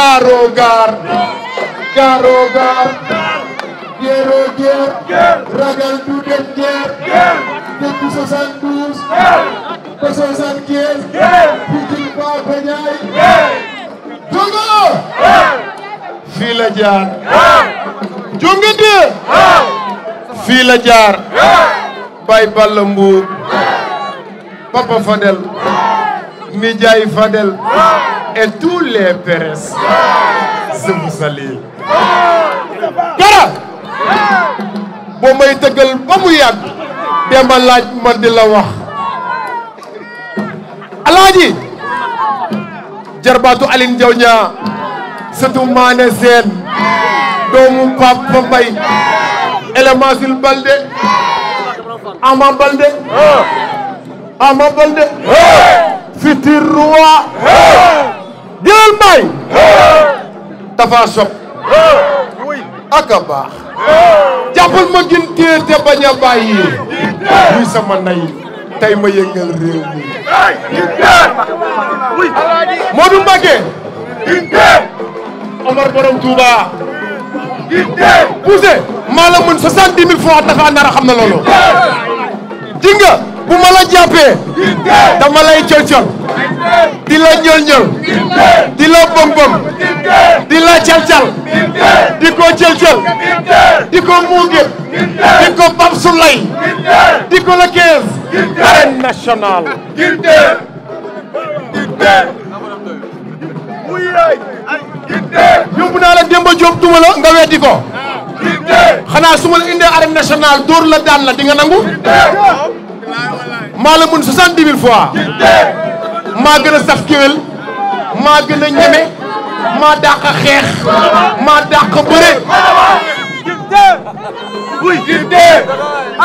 Garo gar Garo ragal du dem gér depuis soixante-douze ba soixante-quinze Pikine ba Bañaay Jongo fii la jaar jongante fii Balla Mbour Papa Fadel nijaay Fadel et boo may tëggal ba mu yàgg dema laaj ma di la wax alaaji jarbaatu Aline Diaw ñaa sëtu Seen doomu Papa Mbaye Elemasil Balde Ama Balde ah! Ama Balde ah! futur roi jëlal baay dafa sob ak a baax jàppal ma gën téer te bañ a bàyyi muy sama nay tey ma yëngal réew mi Modou Mbacké Omar borom Touba maa la mën soixante-dix mille fois dafa nar a xam na loolu jinga bu ma la jàppee dama lay di la ñël-ñël di la bëm-bëm di la cal-cal di ko jël-jël di ko muunge di ko bam la 15 naa la Demba Diop duma la nga weddi ko xanaa su ma la indee arène la daan la di nangu maa la mën soixante-dix mille fois maa gën a saf kéwél maa gën a ñeme maa dàq a xeex maa dàq a bëre. buy jib dee.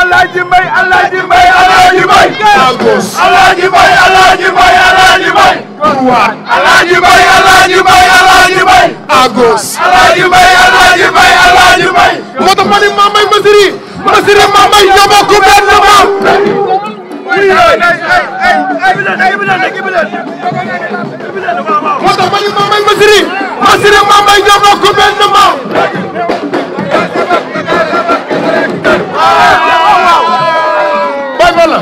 alaaji mbay alaaji mbay alaaji mbay. maa góos alaaji mbay alaaji. moo tax ma ni Mame Mbaye Massiri Massiri Mame Mbaye ñoo bokk benn maam. Baye Balla.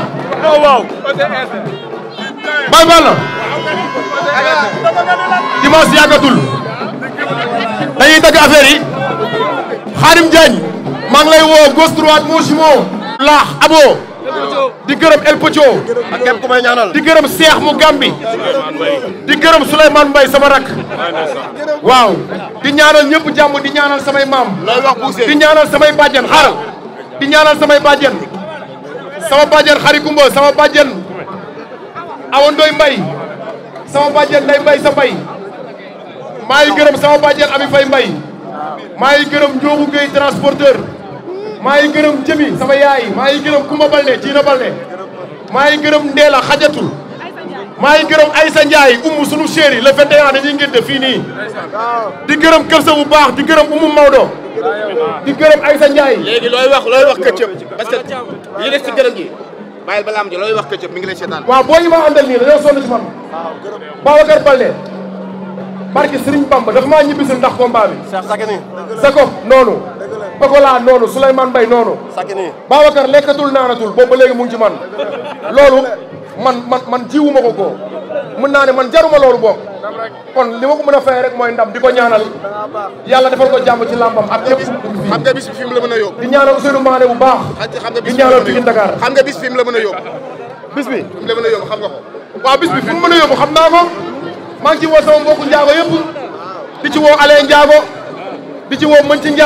waaw. Baye Balla. dimanche yàggatul. dañuy dagg affaire yi. Xaadim Diagne. maa lay woo gauche droite moo si moo. laax abo. di gërëm El Pocho ñaanal di gërëm Seex mu Gambi di gërëm Souleymane Mbaye sama rak waaw di ñaanal ñëpp jàmm di ñaanal samay maam di ñaanal samay bàjjen xaaral di ñaanal samay bàjjen sama bàjjen xari Kumba sama bàjjen Awa Ndoy Mbaye sama bàjjen Ndey Mbaye sa Mbaye maa ngi gërëm sama bàjjen Ami Faye Mbaye maa ngi gërëm Njoogu Gueye transporteur maa ngi gërëm jëmi sama yaay maa ngi gërëm Kumba Balde Diina Balde maa ngi gërëm Ndeela xajatul maa yi gërëm ay Ndiaye umu sunu chéri le 21 dañuy ngir de fii nii di gërëm kër sa bu baax di gërëm umu Maodo di gërëm Aysa Ndiaye. léegi looy wax looy wax këccëb parce que li des ci gërëm gi bàyyil ba laam ji looy wax këccëb mi ngi lay seetaan. waaw boo yi ma àndal nii dañoo sonn ci man Babacar Balde barki Serigne Bamba dafa maa ñibbisi ndax combat bi. Sakho noonu. Pogola noonu Souleymane Mbaye noonu. sakini Babacar lekkatul naanatul boobu ba léegi mu ngi man. loolu man man man jiwu ma ko koo mën naa ne man jaruma loolu bokk. kon li ma ko mën a fay rek mooy ndam di ko ñaanal yàlla defal ko jàmm ci làmbam ak la a yóbbu. di ñaanal Ousseynou Mané bu baax. xam nga bis di ñaanal Pikine Dakar. xam nga bis fi a yóbbu. bi fi la mën a yóbbu xam nga ko. waaw bis bi fi a yóbbu xam naa ko. maa ngi ci woo sama mbokku njaago yëpp di ci woo Alain di ci